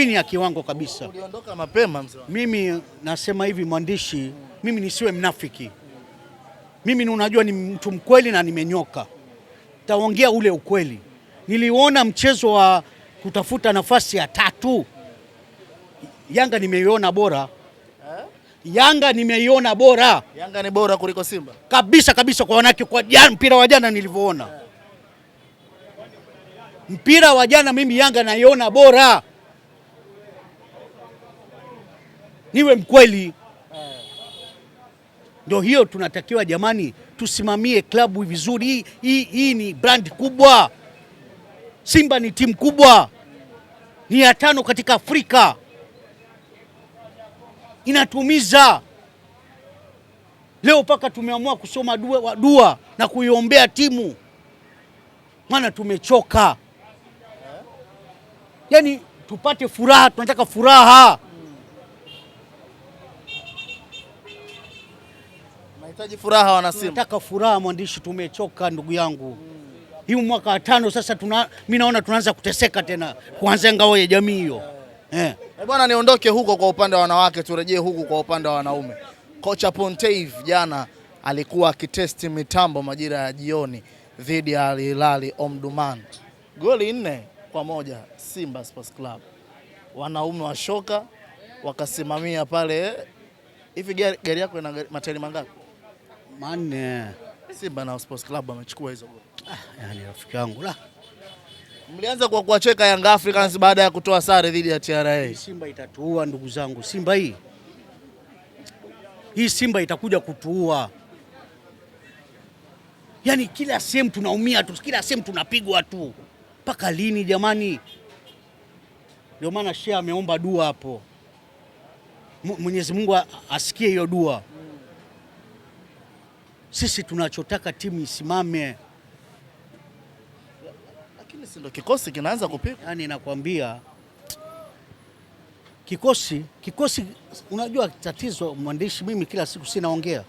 chini ya kiwango kabisa. Uliondoka mapema mzee. Mimi nasema hivi mwandishi, mimi nisiwe mnafiki. Mimi unajua ni mtu mkweli na nimenyoka, taongea ule ukweli. Niliona mchezo wa kutafuta nafasi ya tatu, Yanga nimeiona bora eh? Yanga nimeiona bora. Yanga ni bora kuliko Simba kabisa kabisa, kwa wanake, kwa jana, mpira wa jana nilivyoona, yeah. Mpira wa jana mimi Yanga naiona bora. niwe mkweli. Eh. Ndio hiyo tunatakiwa jamani, tusimamie klabu vizuri. Hii, hii, ni brand kubwa. Simba ni timu kubwa, ni ya tano katika Afrika, inatumiza leo mpaka tumeamua kusoma dua, dua na kuiombea timu, maana tumechoka. Eh? Yaani tupate furaha, tunataka furaha. Unahitaji furaha wana Simba. Nataka furaha mwandishi, tumechoka ndugu yangu. Hii mwaka wa tano sasa tuna, mimi naona tunaanza kuteseka tena kuanzia ngao ya jamii hiyo. Eh. eh. Bwana niondoke huko kwa upande wa wanawake turejee huku kwa upande wa wanaume. Kocha Pontave jana alikuwa akitesti mitambo majira ya jioni dhidi ya Al Hilal Omdurman. Goli nne kwa moja Simba Sports Club. Wanaume washoka wakasimamia pale. Hivi gari, gari yako ina matairi mangapi? manne Simba na Sports Club amechukua hizo goli. Ah, yani rafiki yangu la. Mlianza kwa kuwacheka Young Africans baada ya kutoa sare dhidi ya TRA. Simba itatuua ndugu zangu. Simba hii hii Simba itakuja kutuua. Yaani kila sehemu tunaumia tu, kila sehemu tunapigwa tu. Mpaka lini jamani? Ndio maana shea ameomba dua hapo. Mwenyezi Mungu asikie hiyo dua. Sisi tunachotaka timu isimame, lakini si ndio kikosi kinaanza kupika. Yani nakwambia kikosi kikosi, unajua tatizo mwandishi, mimi kila siku sinaongea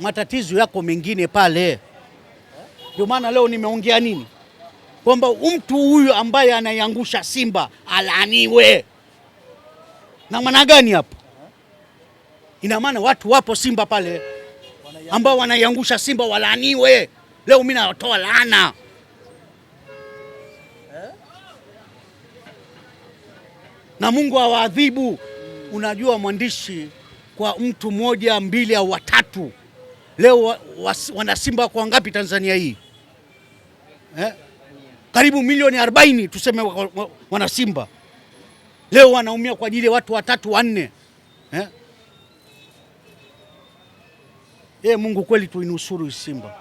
matatizo yako mengine pale, ndio maana leo nimeongea nini, kwamba mtu huyu ambaye anaiangusha Simba alaniwe Na maana gani hapo? Ina maana watu wapo Simba pale ambao wanaiangusha Simba walaaniwe. Leo mimi natoa laana na Mungu awaadhibu. Unajua mwandishi, kwa mtu mmoja mbili au watatu, leo wanasimba wako wangapi Tanzania hii eh? Karibu milioni arobaini tuseme, wanasimba leo wanaumia kwa ajili ya watu watatu wanne eh? Ee Mungu kweli tuinusuru Simba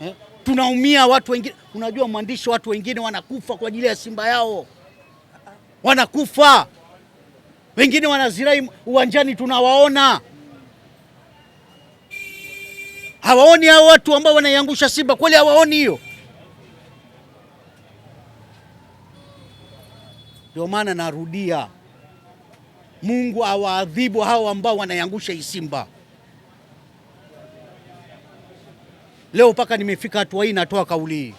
eh? Tunaumia watu wengine, unajua mwandishi, watu wengine wanakufa kwa ajili ya Simba yao, wanakufa wengine, wanazirai uwanjani, tunawaona hawaoni hao watu ambao wanaiangusha Simba kweli, hawaoni hiyo. Ndio maana narudia, Mungu awaadhibu hao ambao wanaiangusha hii Simba. leo mpaka nimefika hatua hii natoa kauli hii.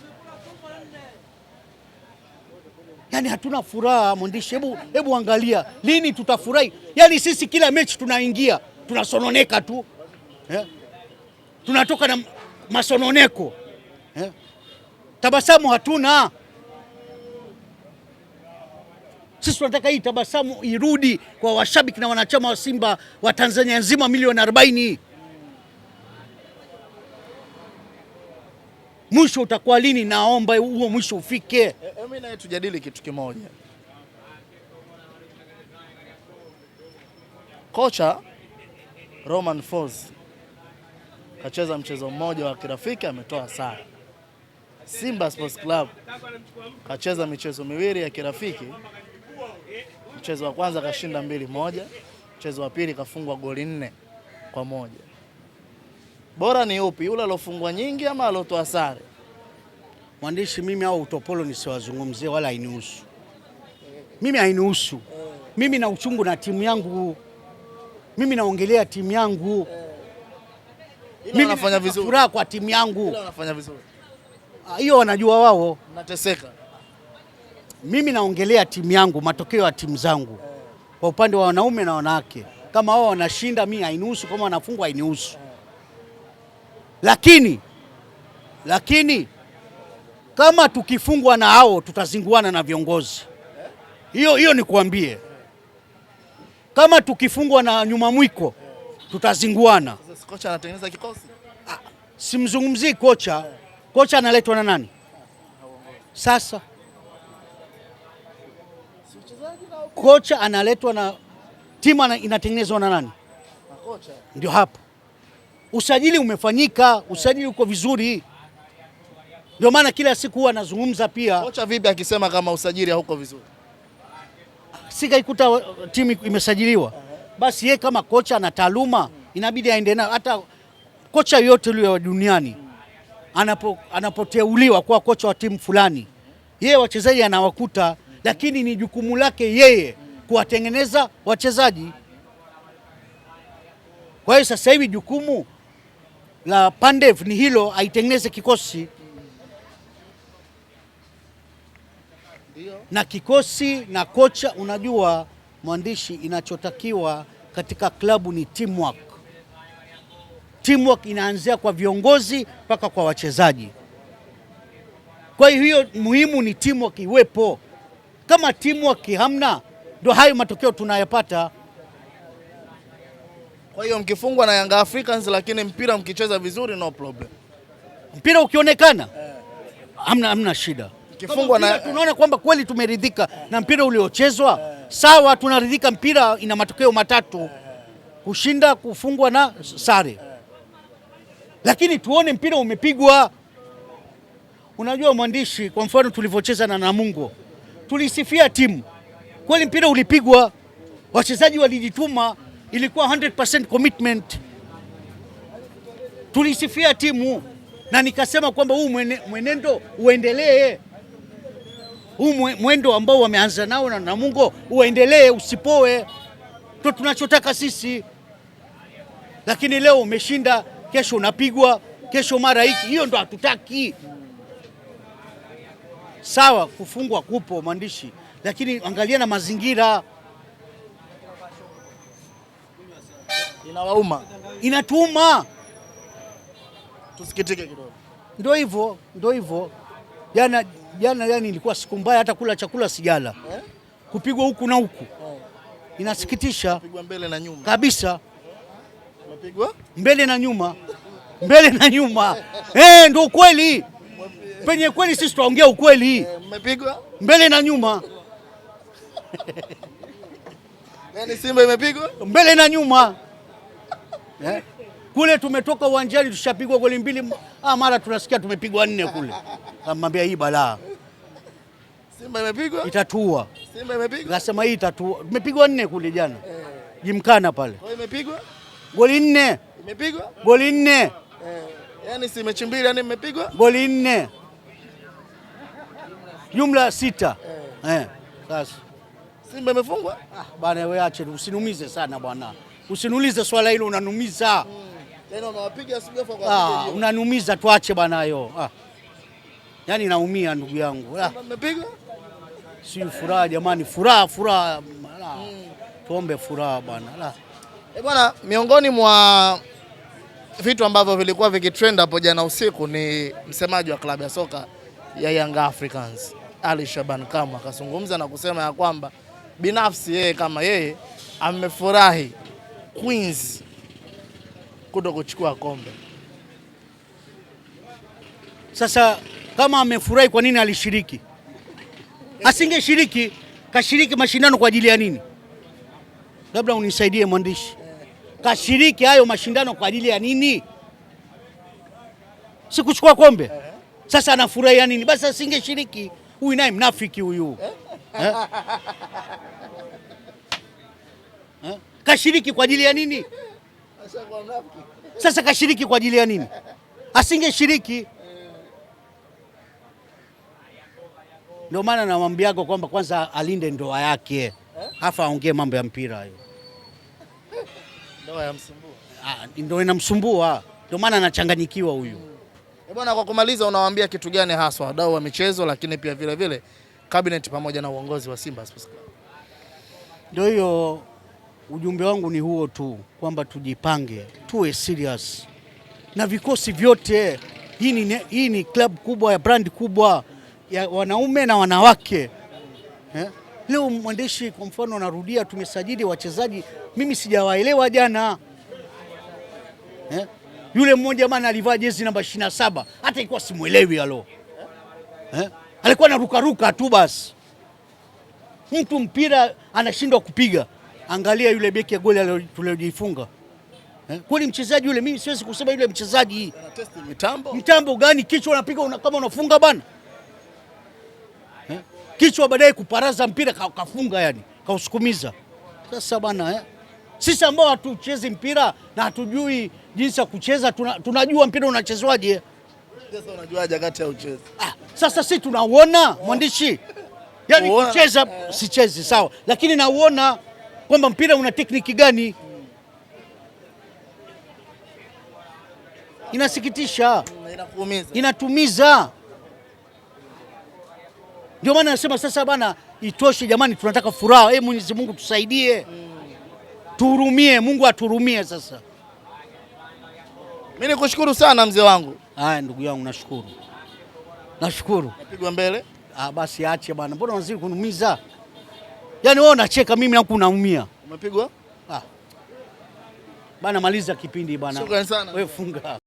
Yaani hatuna furaha mwandishi, hebu hebu angalia lini tutafurahi? Yaani sisi kila mechi tunaingia tunasononeka tu eh? tunatoka na masononeko eh? tabasamu hatuna. Sisi tunataka hii tabasamu irudi kwa washabiki na wanachama wa Simba wa Tanzania nzima milioni 40. Mwisho utakuwa lini? Naomba huo mwisho ufike. E, mimi naye tujadili kitu kimoja. Kocha Roman Folz kacheza mchezo mmoja wa kirafiki ametoa sare. Simba Sports Club kacheza michezo miwili ya kirafiki. Mchezo wa kwanza kashinda mbili moja, mchezo wa pili kafungwa goli nne kwa moja bora ni upi, yule alofungwa nyingi ama alotoa sare? Mwandishi, mimi au utopolo nisiwazungumzie wala hainihusu mimi, hainihusu mimi. Na uchungu na timu yangu mimi, naongelea timu yangu mimi, nafanya vizuri, furaha kwa timu yangu, nafanya vizuri ah, hiyo, wanajua wao, nateseka mimi, naongelea timu yangu, matokeo ya timu zangu kwa upande wa wanaume na wanawake. Kama wao wanashinda, mimi hainihusu, kama wanafungwa hainihusu lakini lakini kama tukifungwa na hao tutazinguana na viongozi. Hiyo hiyo ni kuambie, kama tukifungwa na nyuma mwiko tutazinguana. Kocha anatengeneza kikosi, ah, simzungumzii kocha. Kocha analetwa na nani? Sasa kocha analetwa na timu, inatengenezwa na nani? Ndio hapo Usajili umefanyika, usajili uko vizuri, ndio maana kila siku huwa anazungumza pia. Kocha vipi akisema kama usajili hauko vizuri? Sikaikuta timu imesajiliwa, basi ye kama kocha ana taaluma, inabidi aende nayo. Hata kocha yote yule duniani anapo, anapoteuliwa kuwa kocha wa timu fulani, yeye wachezaji anawakuta, lakini ni jukumu lake yeye kuwatengeneza wachezaji. Kwa hiyo sasa hivi jukumu la Pandev ni hilo, aitengeneze kikosi na kikosi na kocha. Unajua mwandishi, inachotakiwa katika klabu ni teamwork. Teamwork inaanzia kwa viongozi mpaka kwa wachezaji. Kwa hiyo muhimu ni teamwork iwepo. Kama teamwork hamna, ndo hayo matokeo tunayapata. Kwa hiyo mkifungwa na yanga Africans, lakini mpira mkicheza vizuri, no problem. Mpira ukionekana eh. hamna hamna shida. Mkifungwa na tunaona kwamba kweli tumeridhika eh. na mpira uliochezwa eh. sawa, tunaridhika. Mpira ina matokeo matatu kushinda, kufungwa na sare lakini tuone mpira umepigwa. Unajua mwandishi, kwa mfano tulivyocheza na Namungo tulisifia timu kweli, mpira ulipigwa, wachezaji walijituma ilikuwa 100% commitment. Tulisifia timu na nikasema kwamba huu mwenendo uendelee, huu mwendo ambao wameanza nao na Namungo uendelee, usipoe, to tunachotaka sisi. Lakini leo umeshinda, kesho unapigwa, kesho mara hiki, hiyo ndo hatutaki. Sawa, kufungwa kupo mwandishi lakini angalia na mazingira. inawauma, inatuma, tusikitike kidogo. Ndio hivyo, ndio hivyo. Jana jana, yani ilikuwa siku mbaya, hata kula chakula sijala eh? kupigwa huku na huku eh. Inasikitisha, kupigwa mbele na nyuma kabisa, kupigwa mbele na nyuma mbele na nyuma hey, eh, ndio ukweli penye kweli, sisi tunaongea ukweli, mmepigwa eh, mbele na nyuma Yaani Simba imepigwa mbele na nyuma eh? Kule tumetoka uwanjani tushapigwa goli mbili, ah, mara tunasikia tumepigwa nne kule. Kamwambia hii balaa Simba imepigwa itatua, Simba imepigwa nasema hii itatua. Tumepigwa nne kule jana eh, jimkana pale oh, imepigwa goli nne, imepigwa goli nne eh, yani si mechi mbili, yani imepigwa goli nne jumla sita eh. Eh, sasa Simba imefungwa. Ah, bana wewe acha usinumize sana bwana. Usiniulize swala hilo, unanumiza Ah, Unanumiza, tuache bwana hiyo ah. Yaani naumia ndugu yangu ah. Si furaha jamani, furaha furaha ah, hmm. Tuombe furaha bwana ah. e eh, bwana, miongoni mwa vitu ambavyo vilikuwa vikitrend hapo jana usiku ni msemaji wa klabu ya soka ya Young Africans Ali Shaban Kamwe akazungumza na kusema ya kwamba binafsi yeye kama yeye amefurahi Queens kuto kuchukua kombe. Sasa kama amefurahi, kwa nini alishiriki? Asingeshiriki, kashiriki mashindano kwa ajili ya nini? Labda unisaidie mwandishi, kashiriki hayo mashindano kwa ajili ya nini? Si kuchukua kombe. Sasa anafurahia nini? Basi asingeshiriki. Huyu naye mnafiki huyu eh? eh? Kashiriki kwa ajili ya nini? Sasa kashiriki kwa ajili ya nini? Asingeshiriki. Ndio maana namwambiako kwamba kwanza alinde ndoa yake, eh? hafa aongee mambo ya mpira hayo. Ndoa msumbua. Ah, ndio inamsumbua. Ndio maana anachanganyikiwa huyu. Eh, bwana, kwa kumaliza unawaambia kitu gani haswa wadau wa michezo lakini pia vile vile cabinet pamoja na uongozi wa Simba Sports Club? Ndio hiyo Ujumbe wangu ni huo tu kwamba tujipange, tuwe serious na vikosi vyote. Hii ni, hii ni club kubwa ya brand kubwa ya wanaume na wanawake eh? Leo mwandishi, kwa mfano, narudia, tumesajili wachezaji mimi sijawaelewa jana eh? Yule mmoja maana alivaa jezi namba 27 hata ilikuwa simwelewi alo eh? Alikuwa narukaruka tu basi, mtu mpira anashindwa kupiga Angalia yule beki ya goli tuliojifunga eh, kweli mchezaji yule, mimi siwezi kusema yule mchezaji mtambo, mtambo gani? Kichwa unapiga una, kama unafunga bana eh? Kichwa baadaye kuparaza mpira kafunga, yani kausukumiza. Sasa bana eh? Sisi ambao hatuchezi mpira na hatujui jinsi ya kucheza tuna, tunajua mpira unachezwaje. Sasa kati ya Ah, sasa si tunauona mwandishi, yani kucheza eh. sichezi sawa, lakini nauona kwamba mpira una tekniki gani. Inasikitisha, inatumiza. Ndio maana nasema sasa, bana, itoshe jamani, tunataka furaha. Hey, eh, Mwenyezi Mungu tusaidie, tuhurumie, Mungu aturumie Sasa mimi nikushukuru sana mzee wangu. Haya, ndugu yangu, nashukuru, nashukuru. Napigwa mbele. Ah, basi ache bana, mbona unazidi kunumiza? Yaani wewe unacheka mimi na kunaumia. Umepigwa? Ah. Bana maliza kipindi bana. Shukrani sana. Wewe funga.